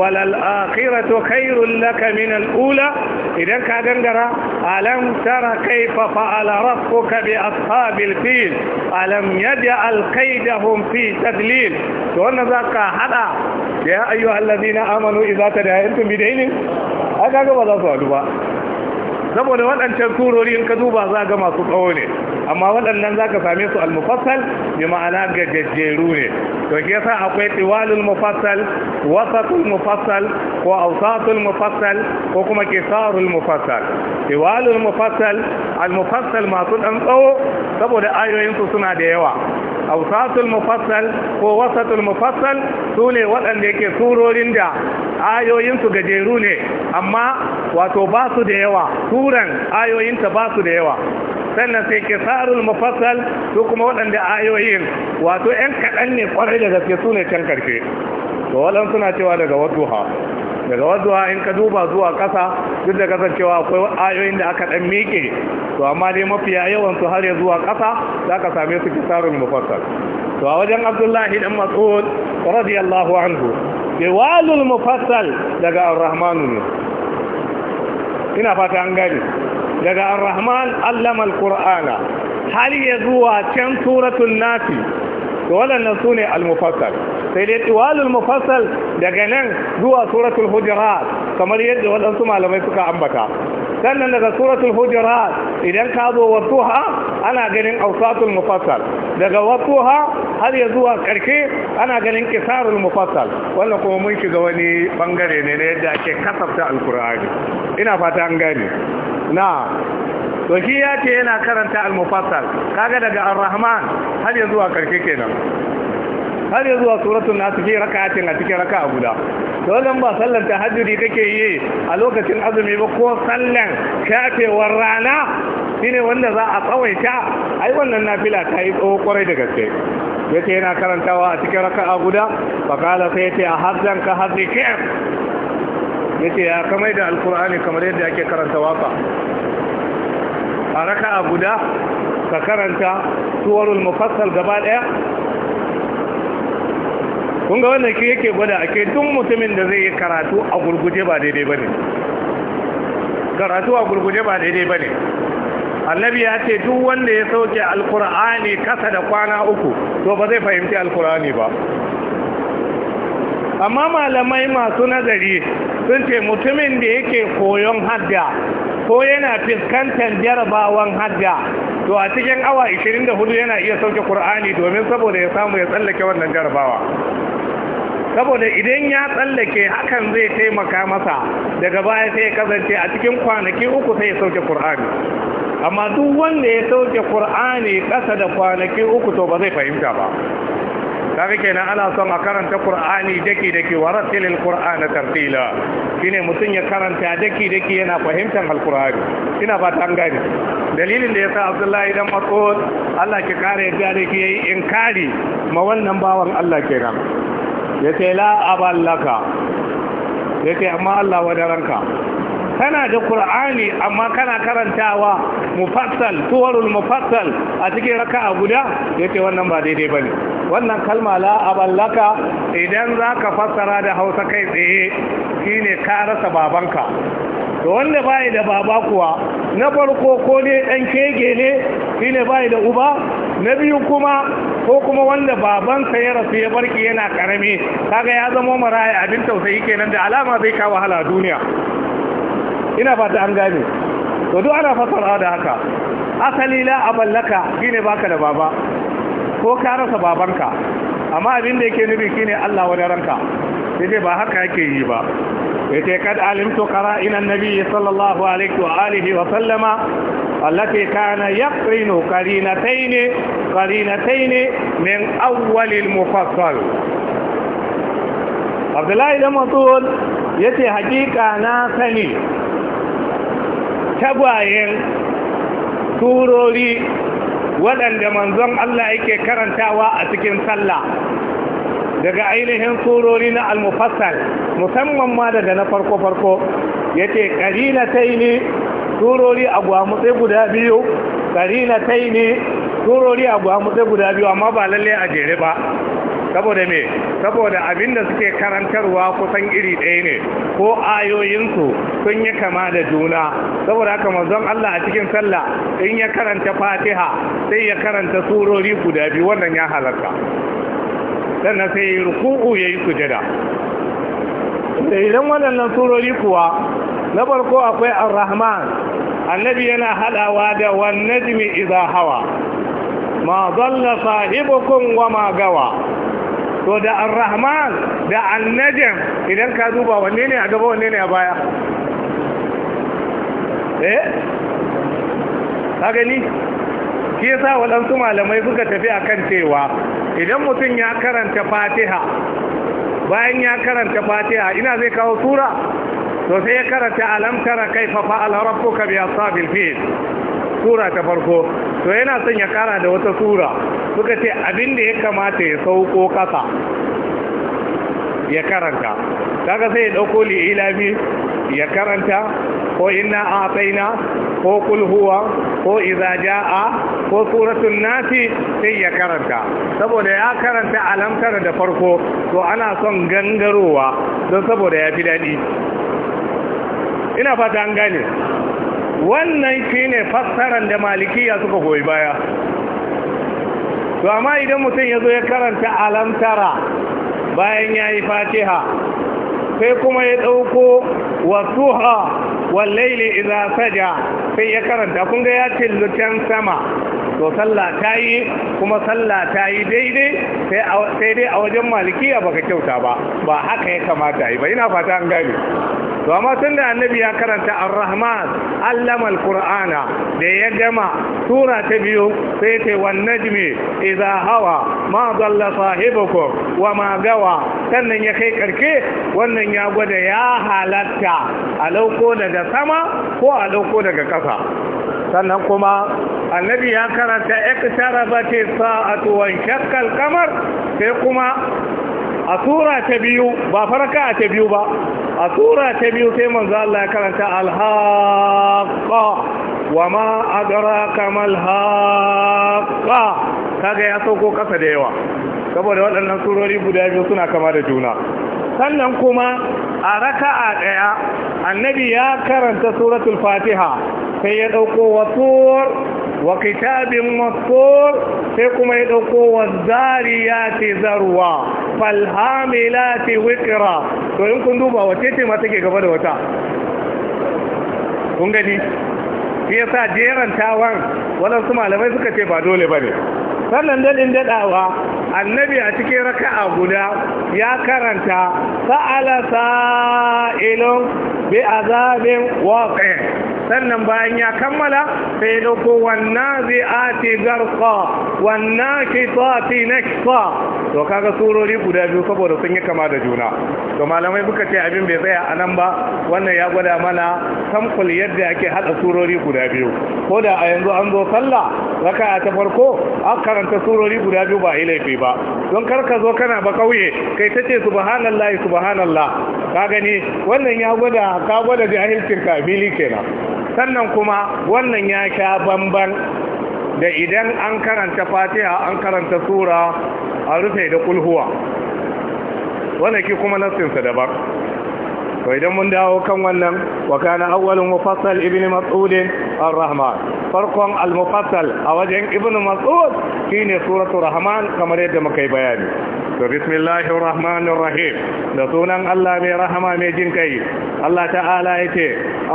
wal akhiratu khairul laka min al ula idan ka gangara alam tara kayfa fa'ala rabbuka bi ashabil fil alam yaj'al kaydahum fi tadlil to wannan zaka hada ya ayyuhallazina amanu idza tadayantum bidainin aka ga ba za su hadu ba saboda waɗancan turori in ka duba za ga masu tsawo ne amma waɗannan za ka same su al-mufassal bi ma'ana gajejjeru ne to ke yasa akwai tiwalul mufassal wasatul mufassal ko awsatul mufassal ko kuma kisarul mufassal tiwalul mufassal al-mufassal masu dan tsawo saboda ayoyin su suna da yawa awsatul mufassal ko wasatul mufassal su ne waɗanda yake surorin da ayoyin su gajeru ne amma wato ba su da yawa turan ayoyinta ba su da yawa sannan sai kisarul mufassal su kuma waɗanda ayoyin wato ƴan kaɗan ne kwarai da gaske su ne can karshe to waɗansu suna cewa daga wadduha daga wadduha in ka duba zuwa ƙasa duk da kasancewa akwai ayoyin da aka ɗan miƙe to amma dai mafiya yawan su har ya zuwa ƙasa za ka same su kisarul mufassal to a wajen abdullahi dan mas'ud radiyallahu anhu biwalul mufassal daga ar-rahmanu ne ina fata an gani daga ar-rahman allama al-qur'ana har ya zuwa can suratul nafi to wannan sune al-mufassal sai dai tiwalul mufassal daga nan zuwa suratul hujurat kamar yadda wadansu malamai suka ambata sannan daga suratul hujurat idan ka zo wasuha ana ganin awsatul mufassal daga wasuha har ya zuwa karke ana ganin kisarul mufassal wannan kuma mun shiga wani bangare ne na yadda ake kasafta alkur'ani ina fata an gane na'am to shi ya ce yana karanta al-mufassal kaga daga ar-rahman har yanzu a karshe kenan har yanzu a suratul nas fi rak'atin a cikin raka guda to dan ba sallan tahajjudi kake yi a lokacin azumi ba ko sallan shafewar rana shine wanda za a tsawaita ai wannan nafila ta yi tsawo kwarai da gaske yace yana karantawa a cikin raka guda fa kala sai yace a hadzan ka hadzikir yake ya kamar da alkur'ani kamar yadda ake karanta waka a raka a guda ka karanta tuwarul mafassal gaba daya kun ga ke yake gwada ake duk mutumin da zai yi karatu a gurguje ba daidai bane karatu a gurguje ba daidai bane annabi ya ce duk wanda ya sauke alkur'ani kasa da kwana uku to ba zai fahimci alkur'ani ba amma malamai masu nazari sun ce mutumin da yake koyon hadda ko yana fuskantar jarabawan hadda to a cikin awa 24 yana iya sauke Kur'ani domin saboda ya samu ya tsallake wannan jarabawa saboda idan ya tsallake hakan zai taimaka masa daga baya sai ya kasance a cikin kwanaki uku sai ya sauke Kur'ani. amma duk wanda ya sauke Kur'ani kasa da kwanaki uku to ba zai fahimta ba kaga kenan ana son a karanta qur'ani daki daki wa ratilil qur'ana tartila shine mutun ya karanta daki daki yana fahimtar alqur'ani ina ba ta gani dalilin da yasa abdullahi dan mas'ud Allah ki kare yadda da ki yayi inkari ma wannan bawan Allah kenan yace la aballaka yace amma Allah wadaranka kana da ƙur'ani amma kana karantawa mufassal tuwarul mufassal a cikin raka a guda Ya ce wannan ba daidai ba ne. wannan kalma la aballaka idan ka fassara da Hausa kai tsaye shine ka rasa babanka Da wanda bai da baba kuwa na farko ko ne dan kege ne ba bai da uba na biyu kuma ko kuma wanda babansa ya rasu ya barki yana karami kaga ya zama maraya abin tausayi kenan da alama zai kawo wahala duniya ina fata an gane to duk ana fasara da haka asali la aballaka shine baka da baba ko ka rasa babanka amma abin da yake nufi shine Allah wani ranka yace ba haka yake yi ba yace kad alimtu qara'ina an-nabi sallallahu alaihi wa alihi wa sallama allati kana yaqrinu qarinatayn qarinatayn min awwal al-mufassal Abdullahi da ya ce hakika na sani tagwayen turori waɗanda manzon Allah yake karantawa a cikin sallah daga ainihin turori na almufassal musamman ma daga na farko-farko ya ce ne turori a gwamutse guda biyu ne turori a gwamutse guda biyu amma ba lallai a jere ba saboda me saboda abinda suke karantarwa kusan iri ɗaya ne ko ayoyinsu sun yi kama da juna saboda haka manzon Allah a cikin sallah in ya karanta Fatiha sai ya karanta surori guda biyu wannan ya halarta sannan sai ya ruku'u ya yi sujada idan waɗannan surori kuwa na farko akwai ar-rahman annabi yana haɗawa da wannan najmi idha hawa ma zalla sahibukum wa ma gawa to da ar-rahman da an-najm idan ka duba wanne ne a gaba wanne ne a baya eh ka gani shi yasa waɗansu malamai suka tafi a kan cewa idan mutum ya karanta fatiha bayan ya karanta fatiha ina zai kawo sura to sai ya karanta alamtara kai kaifa fa'ala rabbuka bi ashabil fil sura ta farko to yana son ya kara da wata sura suka ce abin da ya kamata ya sauko kasa ya karanta kaga sai ya dauko li'ilafi ya karanta ko a tsaina ko kulhuwa ko izaja a, ko suratun nasi sai ya karanta saboda ya karanta alamtar da farko to ana son gangarowa don saboda ya fi daɗi. ina fata an gane wannan shine fassarar da malikiya suka goyi baya to amma idan mutum ya zo ya karanta alamtara bayan ya yi fatiha sai kuma ya ɗauko wa wallaili iza saja sai ya karanta kun ga ya tillucen sama to sallah ta yi kuma sallah ta yi daidai sai dai a wajen malikiya baka kyauta ba ba haka ya kamata yi ba ina fata an gani to amma tun da annabi ya karanta ar-rahman allama al-qur'ana da ya gama sura ta biyu sai ta wan najmi idza hawa ma dalla sahibukum wa ma gawa sannan ya kai karke wannan ya gwada ya halatta a lauko daga sama ko a lauko daga ƙasa sannan kuma annabi ya karanta iktarabatis sa'atu wa shakkal kamar sai kuma a sura ta biyu ba farka ta biyu ba a tura ta biyu sai manzo Allah ya karanta alhaqa wa ma adraka mal kaga ya sauko kasa da yawa saboda waɗannan surori guda biyu suna kama da juna sannan kuma a raka'a ɗaya annabi ya karanta suratul fatiha sai ya ɗauko wasuwar wa kitabin wasuwar sai kuma ya ɗauko wazariyati zarwa falhamilati wikira to in kun duba wace ce ma take gaba da wata kun gani shi yasa jeran tawan waɗansu malamai suka ce ba dole ba ne sannan daɗin daɗawa annabi a cikin raka'a guda ya karanta sa'ala sa'ilun bi azabin waqi sannan bayan ya kammala sai dauko wannan ati garqa wannan kitati nakta to kaga surori guda biyu saboda sun yi kama da juna to malamai suka ce abin bai tsaya a nan ba wannan ya gwada mana tamkul yadda ake hada surori guda biyu ko da a yanzu an zo sallah raka'a ta farko an karanta surori guda biyu ba ilaifi ba don kar ka zo kana ba kauye kai ta ce subhanallahi subhanallah ka gani wannan ya gwada ka gwada jahilcin ka fili kenan sannan kuma wannan ya sha bamban da idan an karanta fatiha an karanta sura a rufe da kulhuwa wannan ki kuma nassinsa daban to idan mun dawo kan wannan wa kana awwalun mufassal ibn mas'ud ar-rahman farkon al-mufassal a wajen ibn mas'ud shine suratul rahman kamar yadda muka yi bayani to bismillahi rahmanir rahim da sunan Allah mai rahama mai jin kai Allah ta'ala yace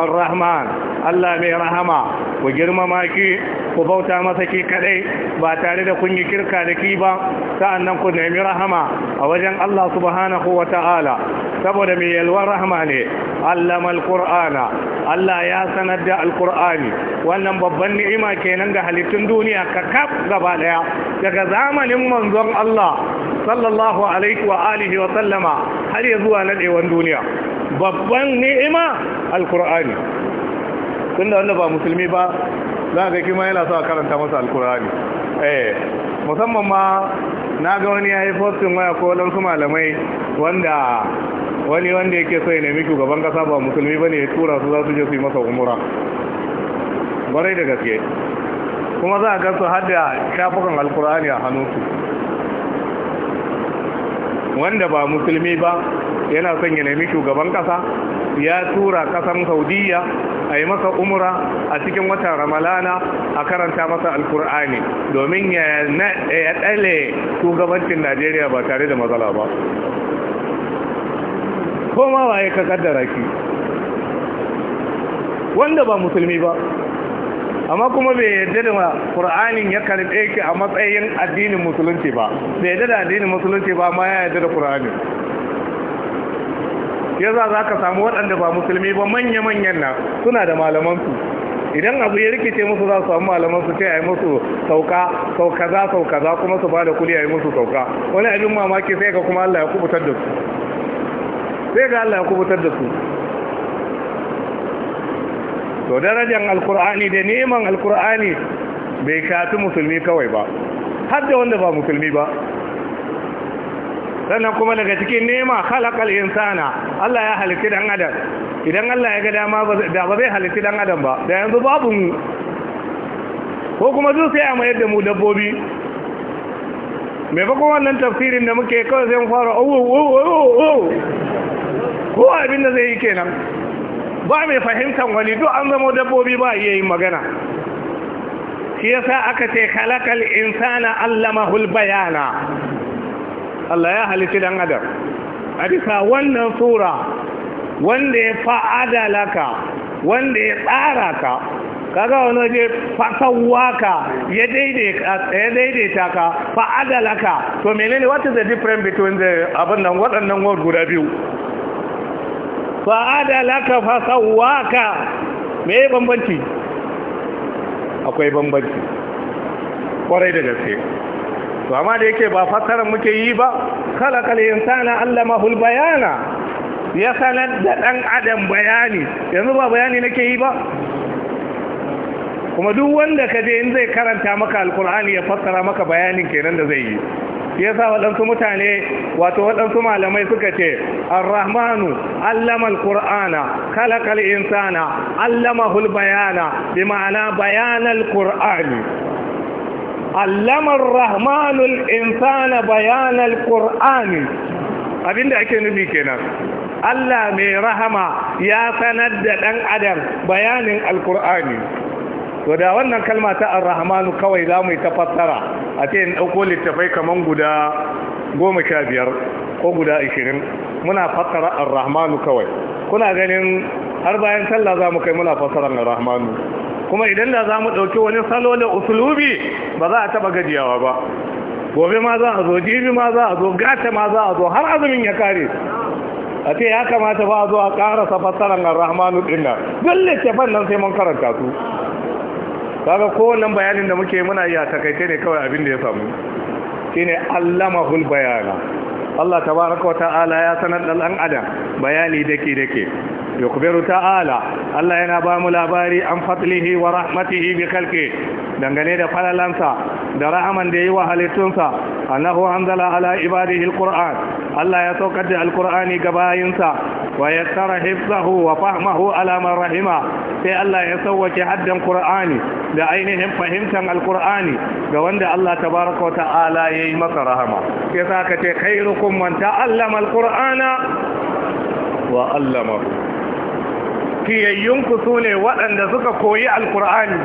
ar-rahman Allah mai rahama ku girmama ki ku bauta masa ki kadai ba tare da kun yi kirka da ki ba nan ku nemi rahama a wajen Allah subhanahu wa ta'ala saboda mai yalwar rahama ne allama alqur'ana Allah ya sanar da alqur'ani wannan babban ni'ima kenan ga halittun duniya kakaf gaba daya daga zamanin manzon Allah sallallahu alaihi wa alihi wa sallama har ya zuwa nadewan duniya babban ni'ima alkur'ani tunda wanda ba musulmi ba za ka kima yana sa karanta masa alkur'ani eh musamman ma na ga wani ya yi fostin waya ko wadansu malamai wanda wani wanda yake so ya nemi shugaban kasa ba musulmi ba ne ya tura su za su je su yi masa umura barai da gaske kuma za a gasu har da shafukan alkur'ani a hannunsu wanda ba musulmi ba yana son ya nemi shugaban kasa ya tura kasan saudiya a yi masa umura a cikin watan ramalana a karanta masa alkur'ani domin ya ɗale shugabancin najeriya ba tare da matsala ba Ko ma waye ka kaddara ki wanda ba musulmi ba amma kuma bai yarda da qur'anin ya karbe ki a matsayin addinin musulunci ba bai yarda da addinin musulunci ba ma ya yarda da qur'ani yasa za ka samu waɗanda ba musulmi ba manya-manyan na suna da malamansu idan abu ya rikice musu za su samu su ce a yi musu sauka sauka za sauka za kuma su ba da kuli a yi musu sauka wani abin mamaki sai ga kuma Allah ya kubutar da su sai ga Allah ya kubutar da su to darajar alkur'ani da neman alkur'ani bai kafi musulmi kawai ba har da wanda ba musulmi ba sannan kuma daga cikin nema halakal insana Allah ya halitti dan adam idan Allah ya ga dama da ba zai halitti dan adam ba da yanzu babu mu ko kuma zu sai a mayar da mu dabbobi kuma wannan tafsirin da muke kawai sai mu fara oh oh oh ko abin da zai yi kenan ba mai fahimtar wani duk an zama dabbobi ba iya yin magana shi yasa aka ce khalaqal insana allamahul bayana Allah ya halitta dan adam a bisa wannan sura wanda ya fa'ada laka wanda ya tsara ka kaga wani waje fasawa ka ya daidaita ka fa'ada laka to menene what is the difference between the abin nan waɗannan word guda biyu fa'ada laka fa sawwaka me bambanci akwai bambanci kwarai da gaske to amma da yake ba fasarar muke yi ba khalaqal insana allamahul bayana ya sanar da dan adam bayani yanzu ba bayani nake yi ba kuma duk wanda ka je in zai karanta maka alkur'ani ya fassara maka bayanin kenan da zai yi yasa waɗansu mutane wato waɗansu malamai suka ce arrahmanu rahmanu allama al-qur'ana khalaqa al-insana allama al-bayana bi ma'ana bayana al allama al-insana bayana al abinda ake nufi kenan Allah mai rahama ya sanar da ɗan adam bayanin alkur'ani to da wannan kalma ta arrahmanu kawai za mu yi ta fassara a ce in ɗauko littafai kaman guda goma sha biyar ko guda ishirin muna fassara arrahmanu kawai kuna ganin har bayan sallah za mu kai muna fassara arrahmanu kuma idan da za mu ɗauki wani salo da usulubi ba za a taɓa gajiyawa ba gobe ma za a zo jibi ma za a zo gata ma za a zo har azumin ya kare a ce ya kamata ba a zo a ƙarasa fassara arrahmanu rahmanu ɗin nan duk nan sai mun karanta su kaga kowannan bayanin da muke muna yi a takaice ne kawai abin da ya samu shine allamahul bayana Allah tabaraka wata'ala ya sanar da dan adam bayani dake dake yukbiru ta'ala Allah yana ba mu labari an fadlihi wa rahmatihi bi khalqi dangane da falalansa da rahaman da yi wa halittunsa annahu anzala ala ibadihi alquran Allah ya saukar da alqurani ga bayinsa wa yassara hifzahu wa fahmahu ala rahima sai Allah ya sauwake haddan Kur'ani da ainihin fahimtar alqur'ani ga wanda Allah tabaraka wa ta'ala yayi masa rahama sai saka ce khairukum man ta'allama alqur'ana wa 'allamahu kiyayyunku sune waɗanda suka koyi alqur'ani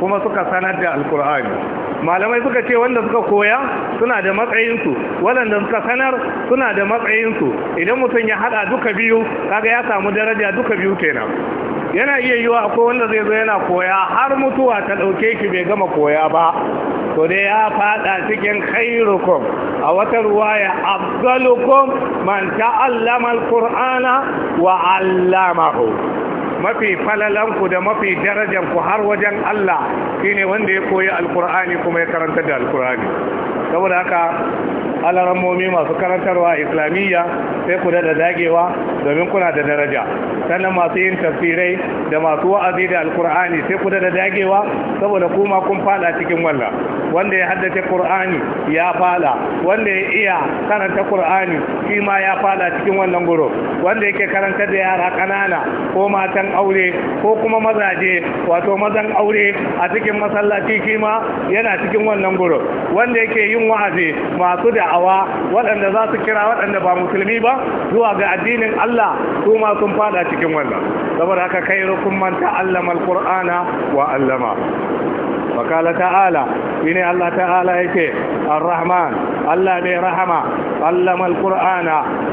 kuma suka sanar da alqur'ani malamai suka ce wanda suka koya suna da matsayinsu waɗanda suka sanar suna da matsayinsu idan mutum ya haɗa duka biyu kaga ya samu daraja duka biyu kenan yana iya yiwa akwai wanda zai zo yana koya har mutuwa ta ɗauke shi bai gama koya ba to dai ya faɗa cikin khairukum a wata ruwaya afdalukum man ta'allama alqur'ana wa 'allamahu mafi falalanku da mafi darajanku har wajen Allah shine wanda ya koyi alkur'ani kuma ya karanta da alkur'ani saboda haka alarammomi masu karantarwa islamiyya sai ku daɗa dagewa domin kuna da daraja sannan masu yin tafsirai da masu wa'azi da alkur'ani sai ku daɗa dagewa saboda kuma kun fada cikin wannan, wanda ya haddace qur'ani ya fada wanda ya iya karanta qur'ani shi ma ya fada cikin wannan guro wanda yake karanta da yara kanana ko matan aure ko kuma mazaje wato mazan aure a cikin masallaci shi ma yana cikin wannan guro wanda yake yin wa'azi masu da da'awa waɗanda za su kira waɗanda ba musulmi ba zuwa ga addinin Allah su ma sun fada cikin wannan saboda haka kai rukun manta allama alqur'ana wa allama fakala ta'ala shine Allah ta'ala yake ar-rahman Allah ne rahama allama al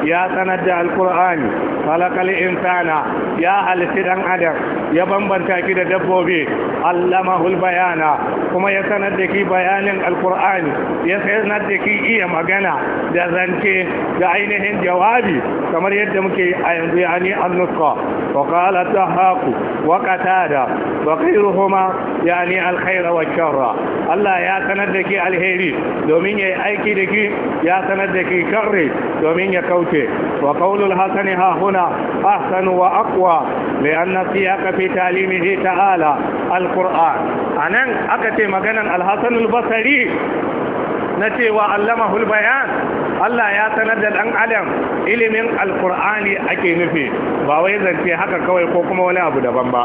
ya sanar da al-qur'ani khalaqal insana ya halitta dan adam ya bambanta ki da dabbobi allamahul bayana kuma ya sanar da ki bayanin al-qur'ani ya sanar da ki iya magana da zance da ainihin jawabi kamar yadda muke a yanzu ya ni annuska wa qala tahaku wa qatada wa ya yani alkhaira wa sharra Allah ya sanar da ki alheri domin yayi aiki da ki ya sanar da ki karri domin ya kauce wa qawlul hasani ha huna ahsan wa aqwa lianna siyaka fi talimihi ta'ala alquran anan aka ce maganan alhasan basari na cewa allama hulbayan. Allah ya sanar da ɗan adam ilimin alkur'ani ake nufi ba wai zance haka kawai ko kuma wani abu daban ba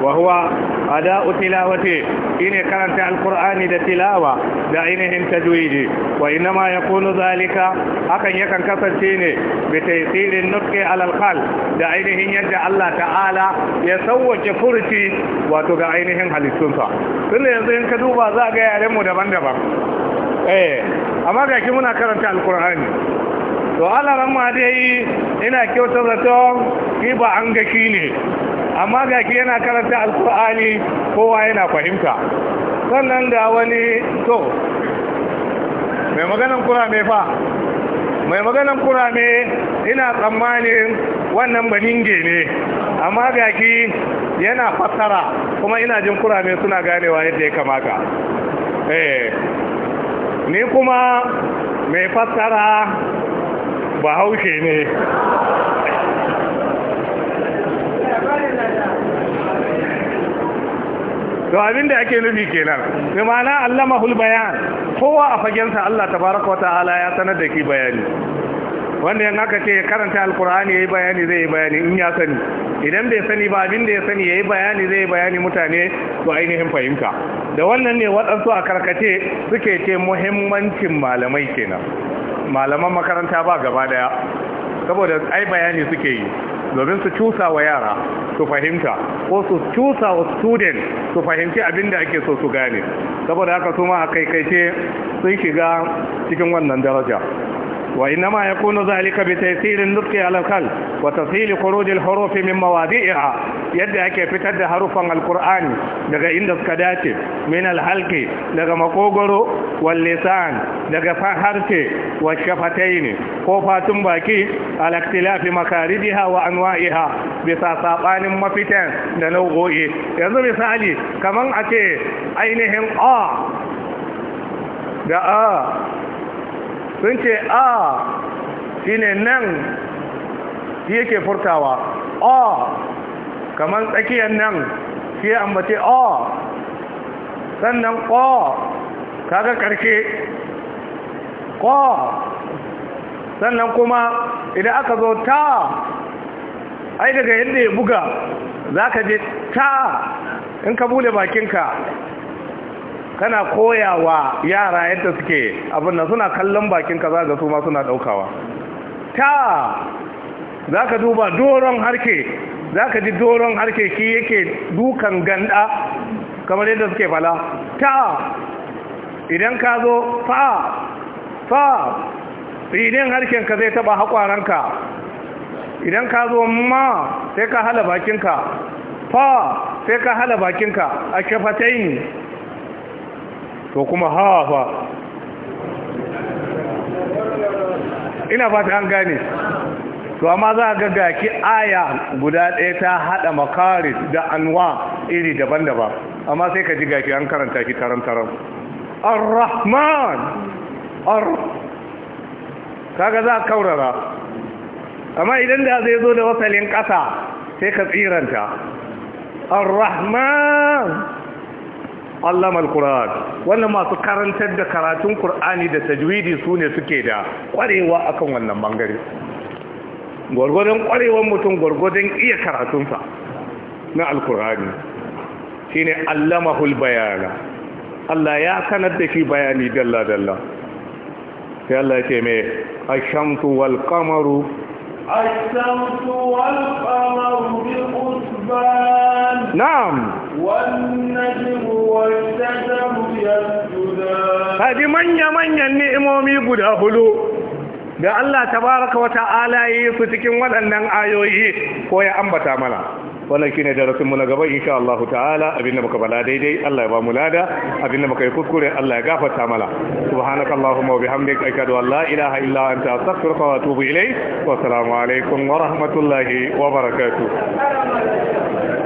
wa huwa ada'u tilawati shine karanta alkur'ani da tilawa da ainihin tajwidi wa inma yakunu zalika hakan yakan kasance ne bi taysirin nutqi ala alqal da ainihin yadda Allah ta'ala ya sauwake furci wato ga ainihin halittunsa tunda yanzu in ka duba za ga yaren mu daban-daban eh amma ga ki muna karanta alkur'ani to alaran ma dai ina kyauta zaton ki ba an ki ne amma ga ki yana karanta alkur'ani kowa yana fahimta sannan ga wani to mai maganan kurame fa mai maganan kurame ina tsammanin wannan baninge ne amma ga ki yana fassara kuma ina jin kurame suna ganewa yadda ya kamata eh ni kuma mai fassara bahaushe ne to abin da ake nufi kenan bi ma'ana allamahul bayan kowa a fagensa Allah tabaraka wa ta'ala ya sanar da ki bayani wanda yan aka ce karanta alkur'ani yayi bayani zai yi bayani in ya sani idan bai sani ba abin da ya sani ya yi bayani zai yi bayani mutane to ainihin fahimta da wannan ne waɗansu a karkace suke ce muhimmancin malamai kenan malaman makaranta ba gaba daya saboda ai bayani suke yi domin su cusa wa yara su fahimta ko su cusa wa student su fahimci abin da ake so su gane saboda haka su ma a kai kai ce sun shiga cikin wannan daraja وإنما يكون ذلك بتيسير النطق على الخلق وتسهيل خروج الحروف من مواضعها يدعي كيف تد حروفا القرآن لغا إندس كداتي من الحلق لغا مقوغر واللسان لغا فحرك والشفتين خوفا تنباكي على اختلاف مخارجها وأنوائها بساطان مفتن لنوغوئي yanzu misali kaman a ce ainihin a da a sun ce a shine nan shi yake furtawa a kamar tsakiyar nan shi ya ambace a sannan ƙo kaga ƙarshe ƙo sannan kuma idan aka zo ta ai daga yadda ya buga za ka je ta in ka bude bakinka kana koyawa yara yadda suke abinda suna kallon bakin kaza ga su ma suna daukawa ta za ka duba doron harke za ka ji doron harke ki yake dukan ganda kamar yadda suke fala ta idan ka zo fa fa idan ka zai taba haƙwaranka idan ka zo ma sai ka hala bakinka fa sai ka hala bakinka a shafatai to kuma hawa fa ina fata an gane to amma za ga gaki aya guda ɗaya ta haɗa makaris da anwa iri daban-daban amma sai ka ji gaki an karanta shi taron-taron. ar-rahman ar kaga za kaurara amma idan da zai zo da wasalin ƙasa sai ka tsiranta ar-rahman allama Alƙur'an, wannan masu karantar da karatun qur'ani da tajwidi ne suke da kwarewa akan wannan bangare gwargwadon kwarewar mutum gwargwadon iya karatunsa na shi shine allamahul bayana Allah ya sanar da shi bayani dalla dalla sai Allah ya ce me ashamtu wal kamaru. الشمس والقمر بحسبان نعم والنجم والشجر هذه من يمن أهلو da Allah ta baraka wata yi su cikin waɗannan ayoyi ko ya ambata mana wannan shine darasin mu na gaba insha Allah ta'ala abinda muka bala daidai Allah ya ba mu lada abinda muka yi kuskure Allah ya gafarta mana subhanakallahumma wa bihamdika ashhadu an la ilaha illa anta astaghfiruka wa atubu ilayk wa assalamu alaikum wa rahmatullahi wa barakatuh